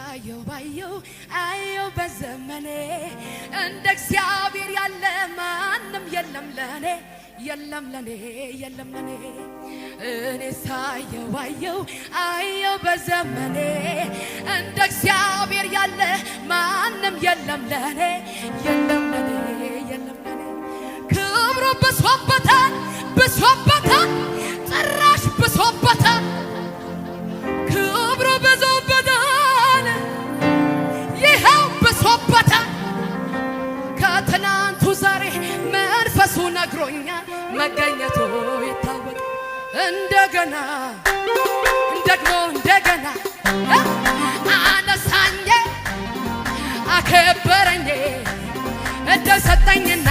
ባየው ባየው አየው በዘመኔ እንደ እግዚአብሔር ያለ ማንም የለም ለኔ የለም ለኔ የለም ለኔ እኔ ሳየው ባየው አየው በዘመኔ እንደ እግዚአብሔር ያለ ማንም የለም ለኔ የለም ለኔ የለም ለኔ ክብሩ ብሶበታል ብሶበታል ጥራሽ ብሶበታል እንደገና ደግሞ እንደገና አነሳኝ አከበረኝ እንደሰጠኝና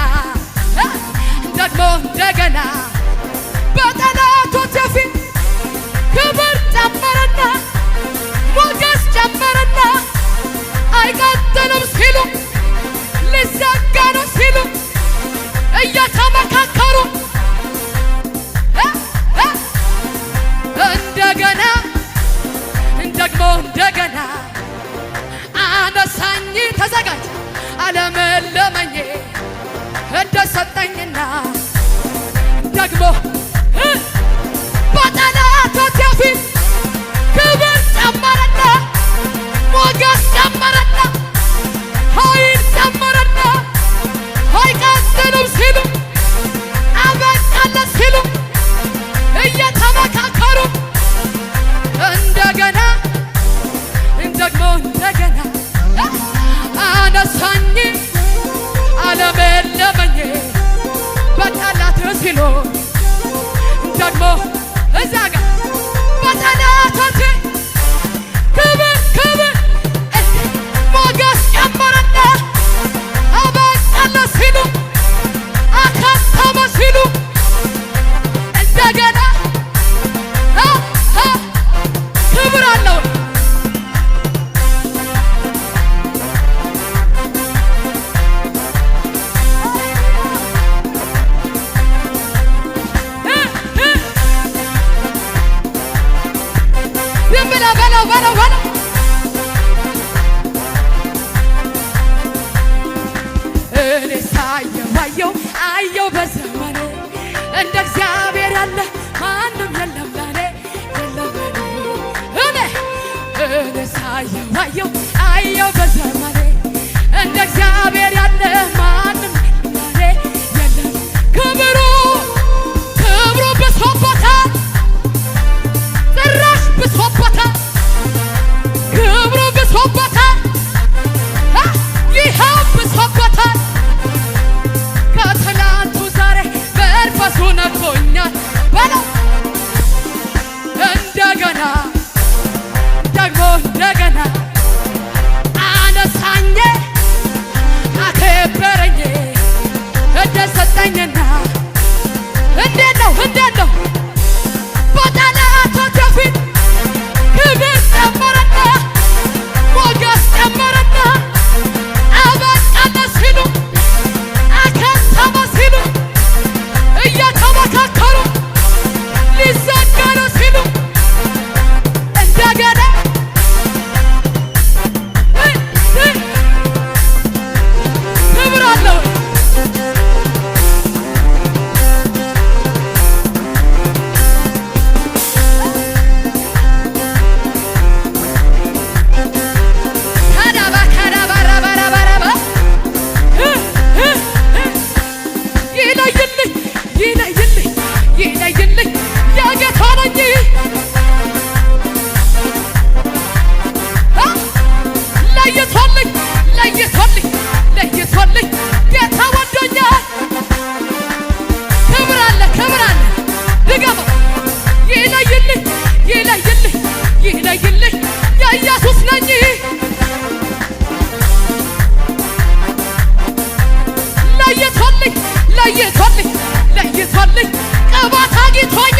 ደግሞ እንደገና በጠላቶች ፊት ክብር ጨመረና ሞገስ ጨመረና አይቀጥልም ሲሉ ሊዘጋ ነው ሲሉ እየተመካ ለመኝ በጠላት ሲሉ ደግሞ እዛ ዝም ብለህ በለው በለው በለው እኔ ሳየው አየው አየው በዘመኑ እንደ እግዚአብሔር ያለ Keep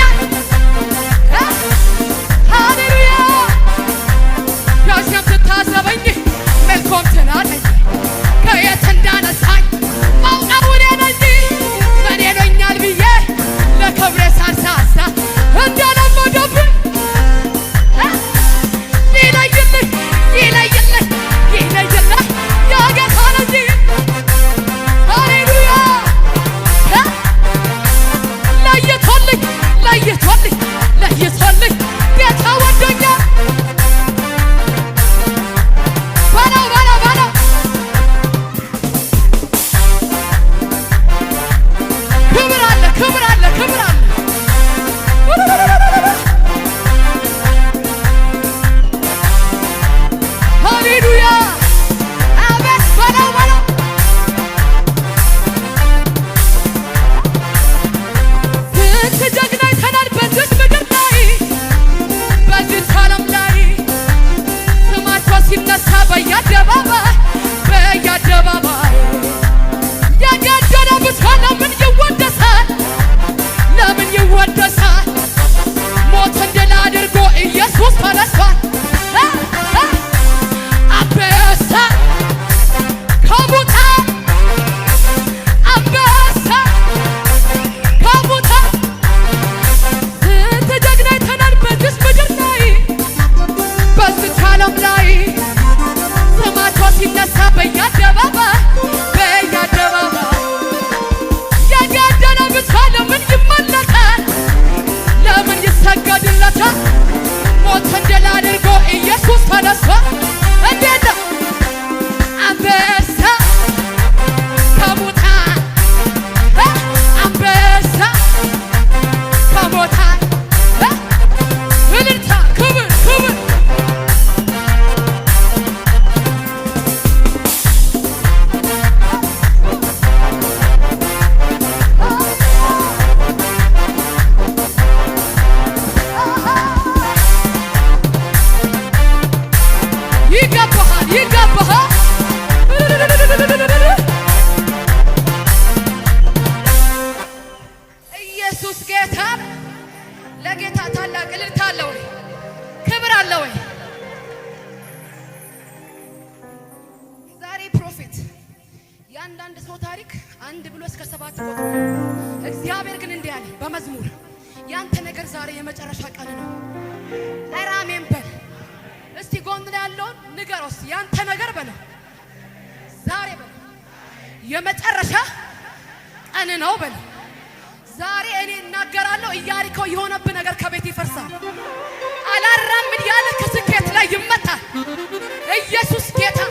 የአንዳንድ ሰው ታሪክ አንድ ብሎ እስከ ሰባት ቆጥሮ እግዚአብሔር ግን እንዲህ አለ በመዝሙር ያንተ ነገር ዛሬ የመጨረሻ ቀን ነው። ኧረ አሜን በል እስቲ። ጎን ላይ ያለውን ንገረው እስቲ ያንተ ነገር በለው ዛሬ በለው የመጨረሻ ቀን ነው በለው ዛሬ እኔ እናገራለሁ። ኢያሪኮ የሆነብህ ነገር ከቤት ይፈርሳል። አላራምድ ያለ ከስኬት ላይ ይመታል። ኢየሱስ ጌታ